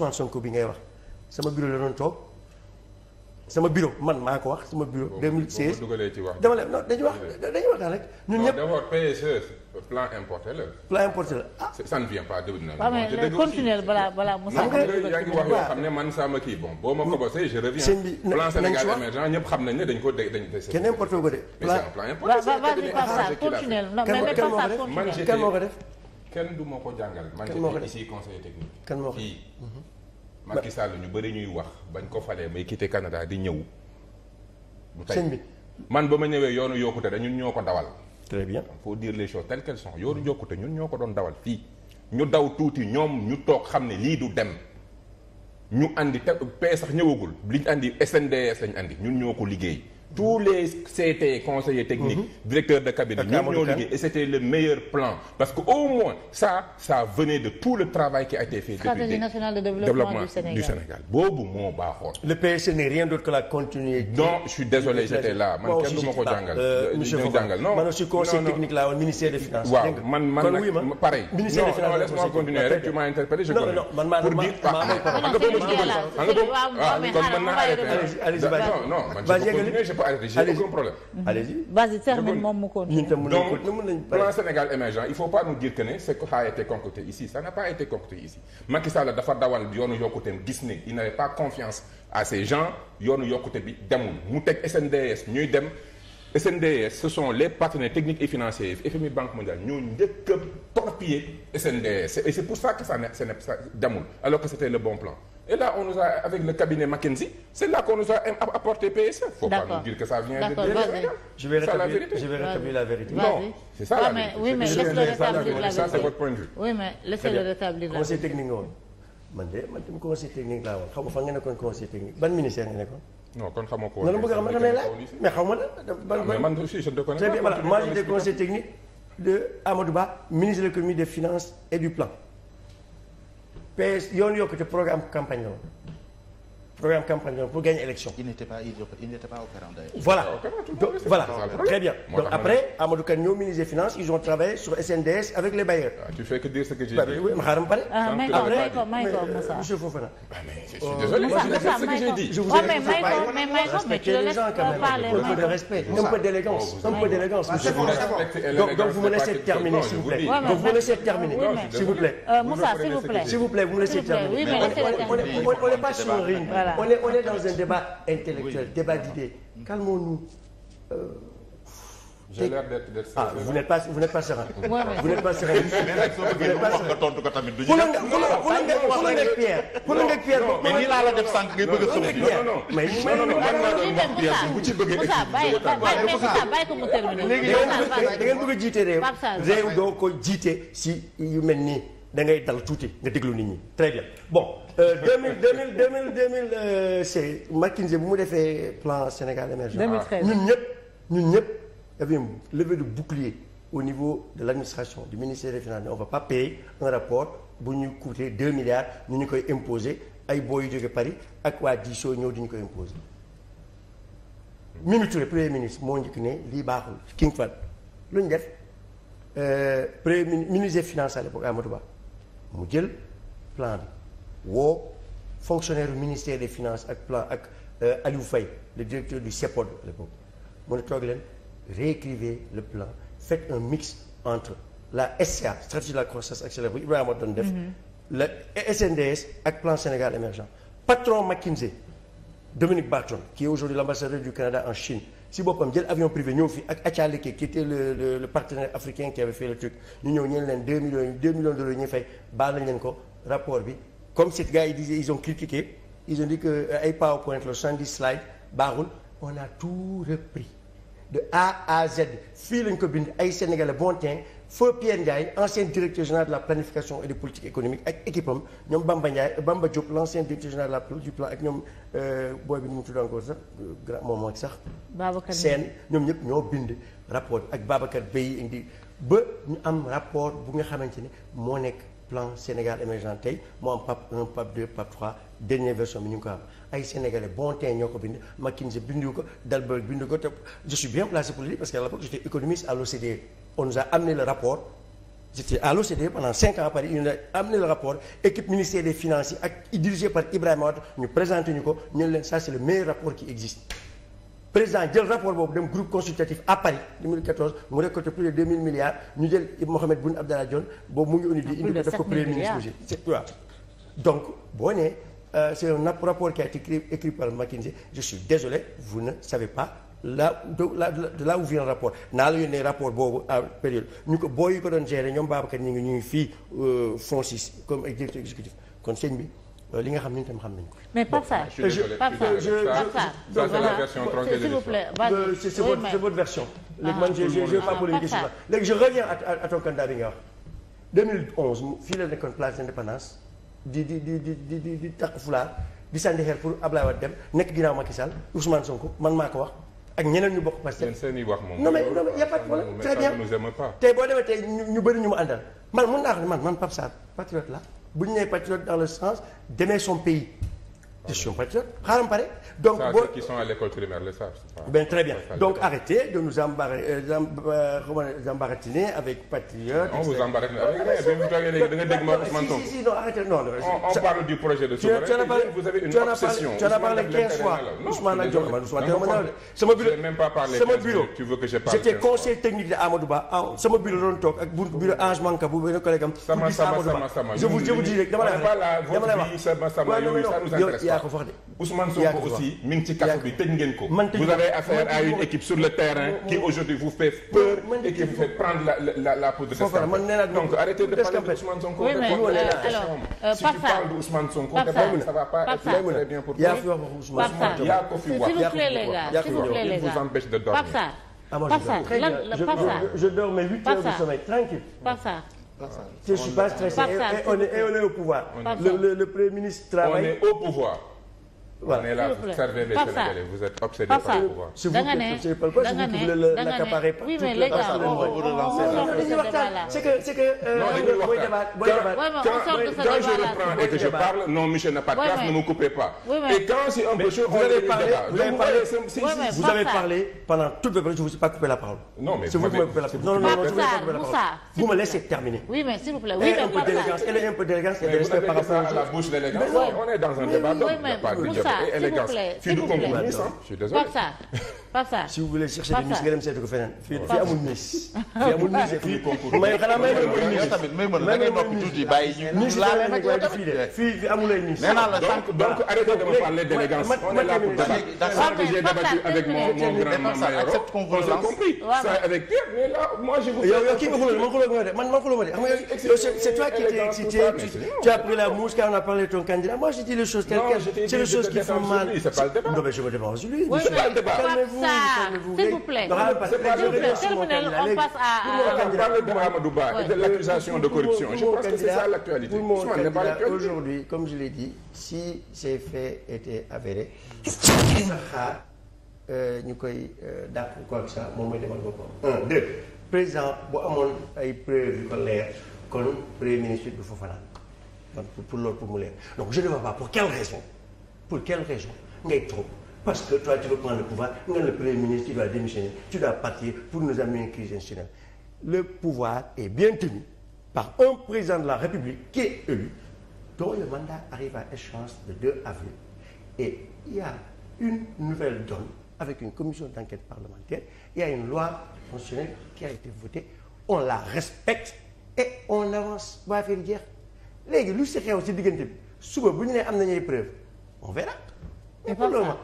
Ousmane Sonko bi ngay wax sama bureau la doon toog sama bureau man maa ko wax sama bureau. 2016 dama ne non dañuy wax dañuy waxtaan rek. ñun ñëpp d'abord PSE plan importé la. plan importé la ah. ça ne vient pas wax yoo xam ne man sama kii bon boo ma ko bossee je reviens. sëñ bi plan Sénégal xam nañ ne dañ ko dañ ko. kenn importé ko de. mais c'est un plan kenn du ma ko jàngal. man j'étais ici conseiller technique. kan moo ko fii. Macky Sall ñu bari ñuy wax bañ ko falee may quitté Canada di ñëw. bu bi man ba ma ñëwee yoonu yokkute dañun ñoo ko dawal. très bien faut dire les choses telles yoo sont yoonu yokkute ñun ñoo ko doon dawal fii. ñu daw tuuti ñoom ñu toog xam ne lii du dem ñu andi te paie sax ñëwagul liñ andi SNDS lañ andi ñun ñoo ko liggéey. tous les CT conseillers techniques. Mhm. directeurs de cabinet ñoom ñoo et c'était le meilleur plan parce que au moins ça venait de tout le travail qui a été fait. développement du Sénégal boobu moo baaxoon. le PS n'est rien d'autre que la continuité. non je suis désolé j'étais là man kenn du ma ko jàngal. Euh, man pareil. non non continuer rek tu je connais. non non man maa maa maa maa maa maa maa maa maa peux arrêter j'ai aucun problème. Mhm. allez-y vas-y termine moom mu continué. donc plan Sénégal émergent il faut pas nous dire que ne c'est ça a été concocté ici ça n'a pas été concocté ici Macky Sall dafa dawal yoonu yokkuteem gis ne il n'avait pas confiance à ces gens yoonu yokkute bi demul mu teg SNDS ñuy dem SNDS ce sont les partenaires techniques et financiers FMI Banque mondiale ñoo njëkk a torpiller SNDS et c'est pour ça que ça ne demul alors que c'était le bon plan. Et là, on nous a, avec le cabinet McKinsey, c'est là qu'on nous a apporté PSE. Faut pas nous dire que ça vient de Je vais rétablir je vais rétablir la vérité. Non, c'est ça ah, la vérité. Oui, mais laissez-le rétablir la vérité. Ça, c'est votre point de vue. Oui, mais laissez-le la vérité. Conseil technique nga fan nga nekkoon technique ban ministère nga nekkoon. non kon xamoo ko woon. bëgg xam nga ne connais pas. voilà moi j'étais conseil technique de Amadou Ba ministre de l'économie des finances et du plan. PS yoonu yokkute programme campagne la programme campagne pour gagner élection. il n'était pas il n'était pas opérant d'ailleurs. voilà ah, donc voilà ah, très bien donc après Amadou Kane ñoo ministre des finances ils ont travaillé sur SNDS avec les bailleurs. ah tu fais que dire ce que j'ai dit. ma xaaral ma pare. ah may ko may ko Moussa. monsieur Fofana. je suis euh, désolé je vous ai respecté les gens quand même un peu de respect un peu d'élégance oh, un peu d'élégance monsieur donc donc vous me laissez terminer euh, s'il vous plaît donc euh, vous me laissez terminer s'il vous plaît. Moussa s'il vous plaît. s'il vous plaît vous me laissez terminer. on n'est pas sur un ring. voilà on est de est dans un débat intellectuel oui. débat d'idées calmons-nous. Euh, pas vous pas serein. vous n'êtes pas serein. nga tontu ko tamit. duñu nekk nekk Pierre. ku la nekk Pierre mais nii laa la def sànq ngay bëgg a sori. non non mais bu ci bëggee. Moussa ko mu terminer. léegi da ngeen jiite réew. réew doo ko jiite si yu mel nii. da ngay dal tuuti nga déglu nit ñi très bien bon. Euh, deux mille deux mille deux mille deux mille euh, c'est McKinsey bu mu defee plan Sénégal émergent. ñun ñëpp ñun ñëpp avait eh une levée de bouclier au niveau de l'administration du ministère des Finances on va pas payer un rapport bu ñu coûter deux milliards ñu ñu koy imposer ay boo yu jóge Paris ak waa diisoo ñëw di ñu koy imposer. Mimi Touré premier ministre moo njëkk ne lii baaxul King Fahd lu ñu def euh, premier ministre des Finances à l'époque Amadou Ba. mu jël plan bi woo fonctionnaire ministère des finances ak plan ak euh, Aliou Faye le directeur du CEPOD à l'époque mu ne toog le plan faites un mix entre la SCA stratégie de la croissance accélérée bu Ibrahima doon def mhm. la SNDS ak émergent patron McKinsey Dominique Barton qui est aujourd'hui l'ambassadeur du Canada en Chine si boppam jël avion privé ñëw fi ak Acha Leke qui le, le le partenaire africain qui le truc ñu ñëw ñeen leen 2 millions 2 millions de dollars ñuy fay baal nañ leen ko rapport bi comme ces gars yi disaient ils ont critiqué ils ont dit que euh, ay PowerPoint la 70 baaxul on a tout repris de A à Z fii lañ ko bind ay sénégalais bon teint foo Pierre Ndiaye ancien directeur général de la planification et des politiques économiques ak équipe ñoom Bamba Ndiaye Bamba Diop l'ancien directeur général de la du plan ak ñoom euh, booy bi nu mu tudd ko sax grand moom ak sax. Babacar Sène ñoom ñëpp ñoo bind rapport ak Babacar Beye indi ba ñu am rapport bu nga xamante ne moo nekk. plan Sénégal émergent tey moo am PAP 1 PAP 2 PAP 3 dernière version bi ñu ngi ko am ay sénégalais bon temps ñoo ko bind McKinsey bindu ko Dalberg bindu ko te je suis bien placé pour le parce que j'étais économiste à l'OCDE on nous a amené le rapport j'étais à l'OCDE pendant cinq ans à Paris ñu ne am na le rapport équipe ministère des finances yi par Ibrahima Wade ñu présenté ñu ko ñu leen ça c'est le meilleur rapport qui existe président jël rapport boobu dem groupe consultatif à Paris 2014 mu récolté plus de 2000 milliards ñu jël Mohamed Boun Abdallah Dionne boobu mu ngi uni di indi ko def ko premier donc boo nee euh, c'est un rapport qui a été écrit écrit par McKinsey je suis désolé vous ne savez pas là de là rapport naa la yónnee rapport boobu à période ñu ko booy yu ko doon gérer ñoom Babacar ñu ngi ñu ngi fii euh, fonds 6 comme directeur exécutif kon sëñ bi Euh, li nga xam ni tam xam nañ ko. mais Pape Sarr ah. je je je c'est votre version. léegi man je je pas ah, polémiquer sur ça léegi je reviens à ton candidat bi nga wax. fii la nekkoon place d'indépendance di di di di di di takk fulaar di sànni xeer pour Ablaye Wade dem nekk ginnaaw Macky Sall Ousmane Sonko man maa ko wax. ak ñeneen ñu bokk Pastef. seen i wax moom mais non mais y' a pas bien tey boo demee tey ñu bëri ñu ma àndal man mën naa wax ne man man Pape Sarr patriote la bu ñu nee patriote dans le sens d'aimer son pays je suis un patriote xaaral pare. donc boo qui sont à l'école primaire le savent. ben très bien donc arrêtez de nous embarrer euh, euh, embaratiner avec patriote. on vous embarratine avec bi mu toogee léegi da nga dégg ma Ousmane Sonko. si si non arrêtez non. on parle du projet de souveraineté vous avez une obsession. tu en as parlé quinze fois Ousmane ak Diop man Ousmane sama bureau même pas parlé sama bureau tu veux que je parle j'étais conseil technique de Amadou Ba ah, sama bureau doon toog ak bureau Ange Manka bu benn collègue am. sama sama sama je vous je vous dis rek dama lay wax dama lay wax. ko wax de. Sonko aussi mi ngi ci vous avez affaire à une équipe sur le terrain. qui aujourd'hui vous fait peur. et qui fait prendre la la la peau de l'escampette. donc arrêtez de parler de Ousmane Sonko. oui mais euh, alors euh, si tu parles de Ousmane Sonko. ça va pas être très bien vous empêche de dormir. Pape ah, je dors mes huit heures de sommeil tranquille. je suis pas stressé. et on est au pouvoir. le premier ministre travaille. on est au pouvoir. voilà on est là vous servez les Sénégalais vous êtes obsédé par le pouvoir. da nga ne da nga ne da nga ne oui mais les gars on c'est que c'est que. Euh, non booy débat booy débat quand je reprends et que je parle non monsieur n'a pas de place ne me coupez pas. et quand c'est un peu chaud vous avez parlé vous avez parlé vous avez parlé pendant toute la période je vous ai pas coupé la parole. non mais vous m'avez coupé la parole non non non je vous ai pas coupé la parole. vous me laissez terminer. oui mais s'il vous plaît oui mais un peu d'élégance elle est un peu d'élégance et de respect par rapport à la bouche l'élégance on est dans un débat donc et élégance fii du concours de ministre je suis désolé Pape Sarr Pape Sarr si vous voulez chercher des ministres nga dem seeti ko feneen fii amul ministre fii amul ministre fii concours may xanaa may mën tamit may mën da ngay noppi tuuti bàyyi ñu laalee nag yow tamit fii fii amul ay ministre nee naa la sànq donc arrêtez de me parler d'élégance on est là pour débattre j'ai débattu avec mon mon grand maman accepte qu'on vous lance ça avec Pierre mais là moi je vous yow yow kii nga xuloo man xuloo nga de man man xuloo ma de xam nga c'est toi qui étais excité tu as pris la mouche quand on a parlé de ton candidat moi j'ai dit les choses telles quelles c'est les choses qui défend mal. C'est pas le débat. Non, mais je me défends sur lui. Oui, mais calmez-vous, calmez-vous. S'il vous plaît. on passe à. On parle de Amadou Ba et de l'accusation de corruption. Je pense que c'est ça l'actualité. Aujourd'hui, comme je l'ai dit, si ces faits étaient avérés, xaar ah, euh, ñu koy euh, dàq comme ça moom mooy demal boppam. un deux président bu amoon ay preuves yu ko leer kon premier ministre du fa fanaan donc pour loolu pour mu leer donc je ne vois pas pour quelle raison. Pour quelle raison Trop. Parce que toi, tu veux prendre le pouvoir, non, le Premier ministre, tu dois démissionner, tu dois partir pour nous amener une crise institutionnelle. Le pouvoir est bien tenu par un président de la République qui est élu, dont le mandat arrive à échéance le avril. Et il y a une nouvelle donne avec une commission d'enquête parlementaire, il y a une loi constitutionnelle qui a été votée, on la respecte et on avance. Waa fi jeex léegi lu si xew si diggante bi suba bu ñu am nañu ay on verra. mais pour le moment